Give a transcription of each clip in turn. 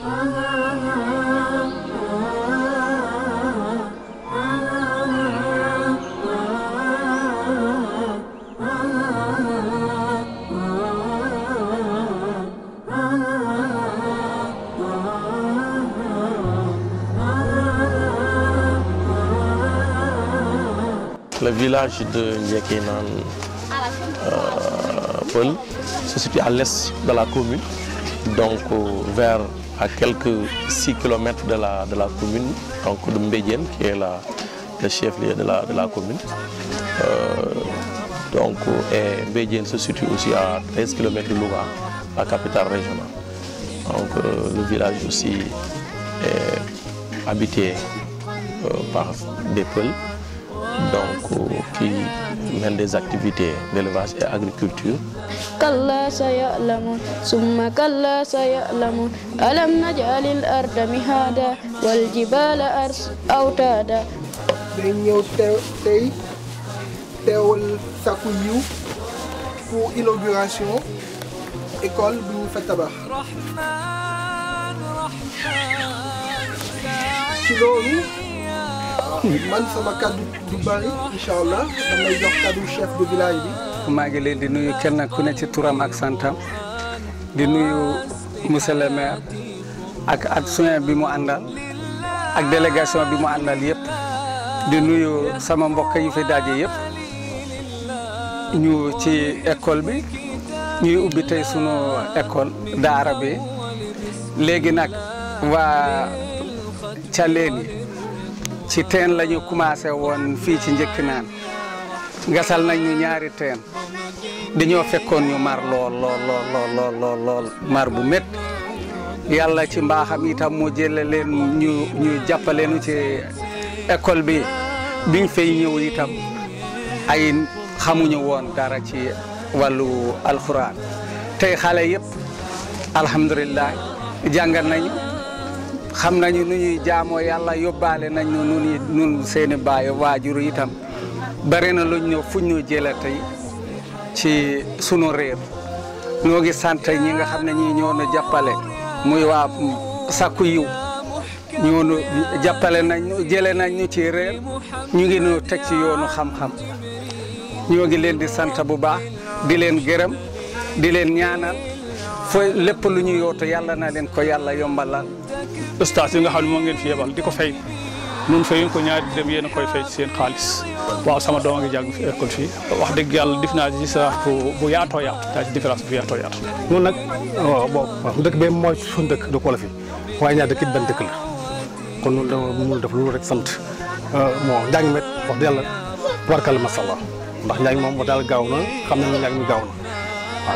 Le village de Ndiakénan euh, se situe à l'est de la commune donc euh, vers à quelques 6 km de la, commune, donc de Mbédienne, qui est le chef-lieu de la, commune. Euh, donc, euh, et se situe aussi à 13 km de Louga, la capitale régionale. Donc euh, le village aussi est habité par des peuples, donc qui mènent des activités d'élevage et agriculture. كلا سيعلمون ثم كلا سيعلمون ألم نجعل الأرض مهادا والجبال أرس أوتادا dañu tew tey teewal sàkku yiw pour inauguration école bu fa tabax ci loolu man sama kaddu du bari incha allah damay chef de maa ngi leen di nuyu kenn ku ne ci turam ak santam di nuyu monsieur le maire ak adjoint bi mu àndal ak délégation bi mu àndal yëpp di nuyu sama mbokk yu fi daje yëpp ñu ci école bi ñuy ubbi tey sunu école daara bi léegi nag waa ca Thialéni ci teen lañu ñu commencé woon fii ci njëkk naan gasal nañ ñaari teen dañoo fekkoon ñu mar lool lool lool lool mar bu mét yàlla ci mbaaxam itam mu jële leen ñu ñu ci ekol bi biñ fay ñëw itam ay xamuñu woon dara ci wàllu alxuraan tey xale yëpp alhamdulilah jàngal nañu xam nañu nu jaamoo yàlla yóbbaale nañ nu ñuy nun seeni baayo waajur itam bare na luñ ñëw fuñ ñu jëlee tey ci sunu réer ñoo ngi sant ñi nga xam ne ñi ñoo nu jàppale muy waa sakku yiw ñoo nu jàppale nañ ñu jëlee nañ ñu ci réer ñu ngi nu teg ci yoonu xam-xam ñoo ngi leen di sant bu baax di leen gërëm di leen ñaanal fo lépp lu ñu yootu yàlla na leen ko yàlla yombalal. ustaas yi nga xam ne moo ngeen fi yebal di ko fay nun fayuñ ko ñaari dem yéen a koy fay ci seen xaalis. waaw sama doom a ngi jàng yàlla def naa ci sax bu bu yaatoo yaatu daa ci différence bu yaatoo yaatu noonu nag waaw boobu dëkk bi mooy suñu dëkk dëkk wolof yi waaye ñaar dëkk it benn dëkk la kon loolu dama mënul def loolu rek sant euh, bon njàng mi wax dëgg yàlla barkal masalla ndax njàng moom wax daal gaaw na xam nañ njàng mi gaaw na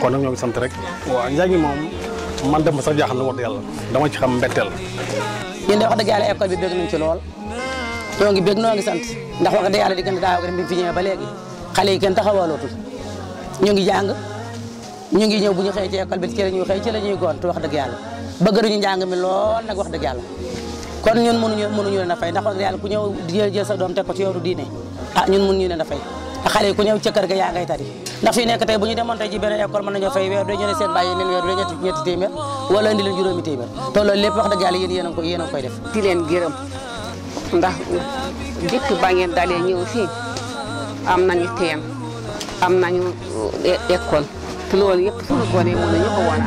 kon nag ñoo ngi sant rek waaw njàng moom man dem ma sax jaaxal na wax dëgg yàlla dama ci xam mbetteel yéen de wax dëgg yàlla école bi bëgg nañ ci lool noo ngi bég noo ngi sant ndax wax dëgg di gën a daaw bi mu fi ñëwee ba léegi xale yi kenn taxawalootul ñu ngi jàng bu ñu xëy ci école bi ci la ñuy xëy ci la ñuy wax dëgg yàlla bëgg nañu njàng mi lool kon ñun mënuñu mënuñu a fay ndax wax dëgg yàlla ku ñëw jël sa doom teg ko ci yoonu diine ah ñun mënuñu leen a fay xale yi ku ñëw ca kër tari ndax fii nekk tey bu ñu demoon tey ci benn école mën nañoo fay weer dañu ne seen bàyyi leen weer du ñetti ñetti téeméer wala indi leen juróomi téeméer te lépp wax dëgg yàlla yéen a koy def ndax dikk ba ngeen dalee am nañu teen am nañu e-, école te loolu yëpp suñu gone mënu ñu ko woon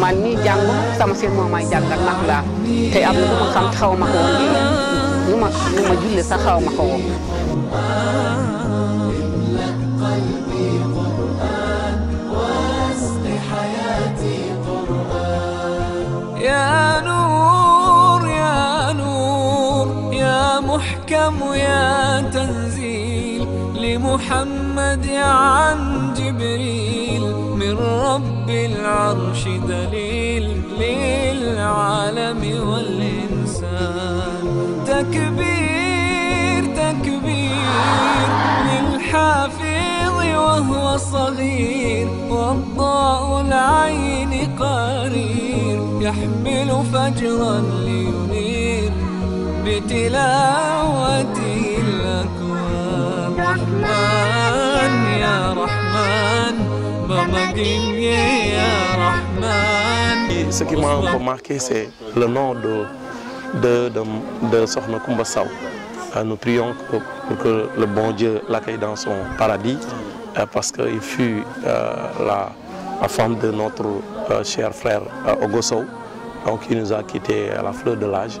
man mii jàng sama seen moo may jàngal nax laa te am na lu ma xam xaw ma ko woon ma lu ma julli xaw ma ko احكم يا تنزيل لمحمد عن جبريل من رب العرش دليل للعالم والإنسان تكبير تكبير للحافظ وهو صغير والضاء العين قرير يحمل فجرا لينير Ce qui m'a remarqué marqué, c'est le nom de, de, de, Nous prions pour, que le bon Dieu l'accueille dans son paradis, eh, parce qu'il fut eh, la, femme de notre eh, cher frère Ogoso, donc il nous a quitté à la fleur de l'âge.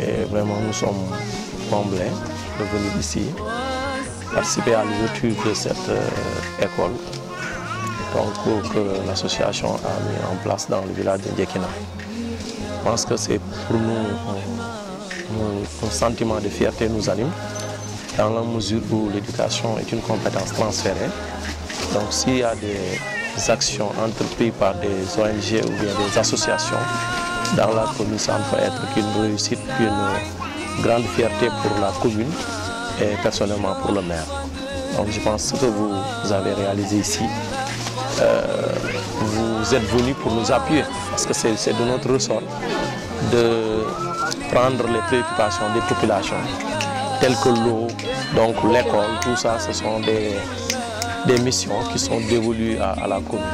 Et vraiment, nous sommes comblés de venir ici participer à l'ouverture de cette école, euh, école donc, que l'association a mis en place dans le village de Je pense que c'est pour nous un, sentiment de fierté nous anime dans la mesure où l'éducation est une compétence transférée. Donc s'il y a des actions entreprises par des ONG ou bien des associations dans la commune, ça ne peut être qu'une réussite, qu'une grande fierté pour la commune et personnellement pour le maire. Donc je pense que vous avez réalisé ici, euh, vous êtes venu pour nous appuyer, parce que c'est de notre ressort de prendre les préoccupations des populations, telles que l'eau, donc l'école, tout ça, ce sont des, des missions qui sont dévolues à la commune.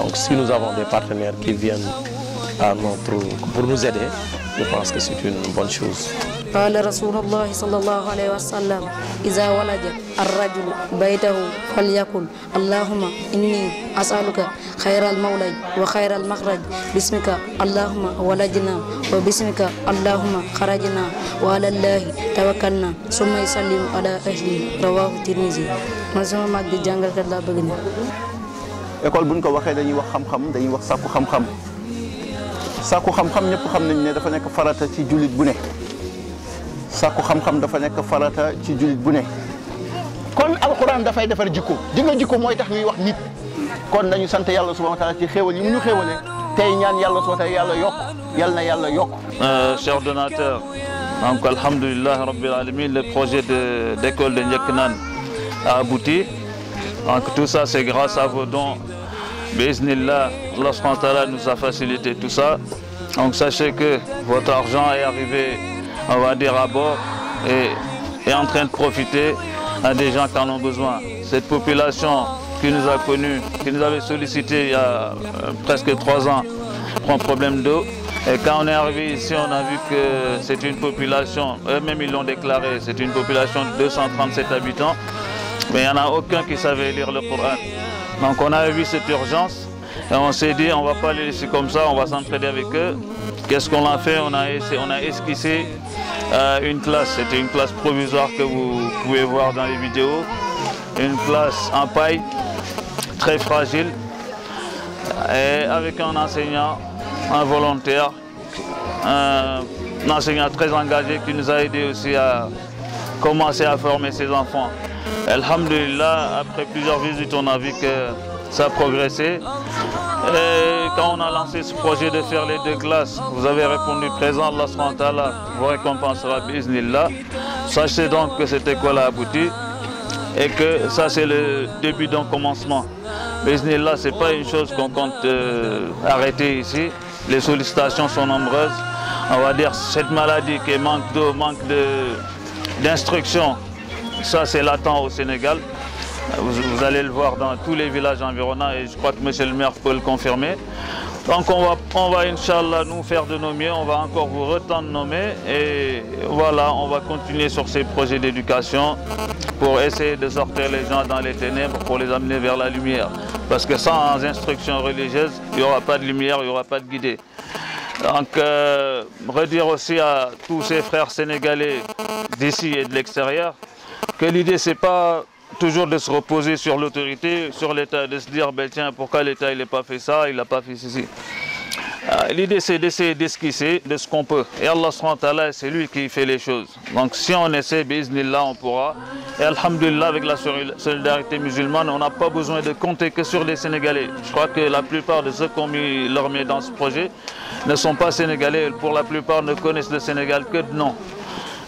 Donc si nous avons des partenaires qui viennent à notre, pour nous aider, je pense que c'est une bonne chose. قال رسول الله صلى الله عليه وسلم إذا ولد الرجل بيته فليقل اللهم إني أسألك خير المولد وخير المخرج باسمك اللهم ولدنا وباسمك اللهم خرجنا وعلى الله توكلنا ثم يسلم على أهله رواه الترمذي man sama mag di jàngalkat laa bëgg école buñ ko waxé dañuy wax xam-xam dañuy wax sàkku xam-xam sàkku xam-xam ñep xam nañ ne dafa nek farata ci julit bu ne sàkku xam-xam dafa nek farata ci jullit bu ne kon da fay defar jikko dinga jikko moy tax ñuy wax nit kon nañu sante yalla subhanahu wa taala ci xéewal yi ñu xéewale tay ñaan yalla so tay yalla yok yalla na yalla yok euh cheikh donateur donc alhamdoulilah rabbil alamin le projet de d'école de ñek nan a abouti donc tout ça c'est grâce à vos dons Béznillah, Allah nous a facilité tout ça. Donc sachez que votre argent est arrivé, on va dire, à bord et est en train de profiter à des gens qui en ont besoin. Cette population qui nous a connus, qui nous avait sollicité il y a euh, presque trois ans pour un problème d'eau. Et quand on est arrivé ici, on a vu que c'est une population, eux-mêmes ils l'ont déclaré, c'est une population de 237 habitants, mais il n'y en a aucun qui savait lire le Coran. Donc on a vu cette urgence et on s'est dit on ne va pas les laisser comme ça, on va s'entraider avec eux. Qu'est-ce qu'on a fait on a, on a esquissé euh, une classe, c'était une classe provisoire que vous pouvez voir dans les vidéos. Une classe en paille, très fragile, et avec un enseignant, un volontaire, un, un enseignant très engagé qui nous a aidé aussi à commencer à former ses enfants. Alhamdulillah, après plusieurs visites, on a vu que ça a progressé. quand on a lancé ce projet de faire les deux classes, vous avez répondu présent, Allah SWT vous récompensera, biznillah. Sachez donc que cette école a abouti et que ça c'est le début d'un commencement. Biznillah, ce n'est pas une chose qu'on compte euh, arrêter ici. Les sollicitations sont nombreuses. On va dire cette maladie qui manque d'eau, manque d'instruction, ça, c'est latent au Sénégal. Vous, allez le voir dans tous les villages environnants et je crois que M. le maire peut le confirmer. Donc on va, on va Inch'Allah, nous faire de nos mieux, on va encore vous retendre nommer et voilà, on va continuer sur ces projets d'éducation pour essayer de sortir les gens dans les ténèbres, pour les amener vers la lumière. Parce que sans instruction religieuse, il n'y aura pas de lumière, il n'y aura pas de guidée. Donc, euh, redire aussi à tous ces frères sénégalais d'ici et de l'extérieur, que l'idée c'est pas toujours de se reposer sur l'autorité, sur l'État, de se dire ben tiens pourquoi l'État il n'a pas fait ça, il n'a pas fait ceci. Ah, l'idée c'est d'essayer d'esquisser de ce qu'on peut. Et Allah c'est lui qui fait les choses. Donc si on essaie, là on pourra. Et Alhamdulillah, avec la solidarité musulmane, on n'a pas besoin de compter que sur les Sénégalais. Je crois que la plupart de ceux qui ont mis leur dans ce projet ne sont pas Sénégalais. Pour la plupart ne connaissent le Sénégal que de nom.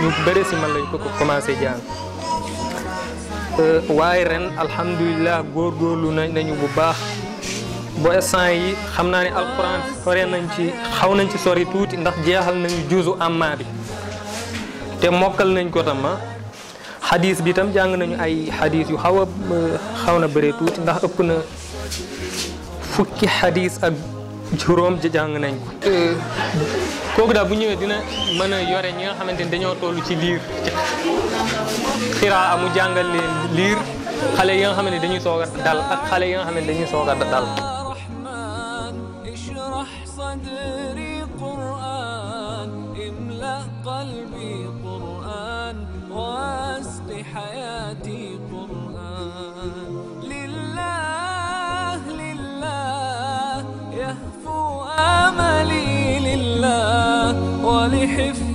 ñu bëri si man lañ ko commencé jàng euh, waaye ren alhamdulilah góorgóorlu nañu bu baax bo instant yi xam naa ne alquran sore nañ ci xaw nañ ci sori tuuti ndax jeexal nañu juusu amma bi te mokkal nañ ko tam ah. xadis bi tam jàng nañu ay xadis yu xaw a euh, xaw na bëree tuuti ndax ëpp na fukki xadis ak juróom jàng nañ ko euh, koku da bu ñëwé dina mëna yoré ñi nga xamanteni dañoo tollu ci liir xira amu jangal leen lire xalé yi nga xamanteni dañuy soga dal ak xalé yi nga xamanteni dañuy soga dal لله لله يهفو املي ولحفظ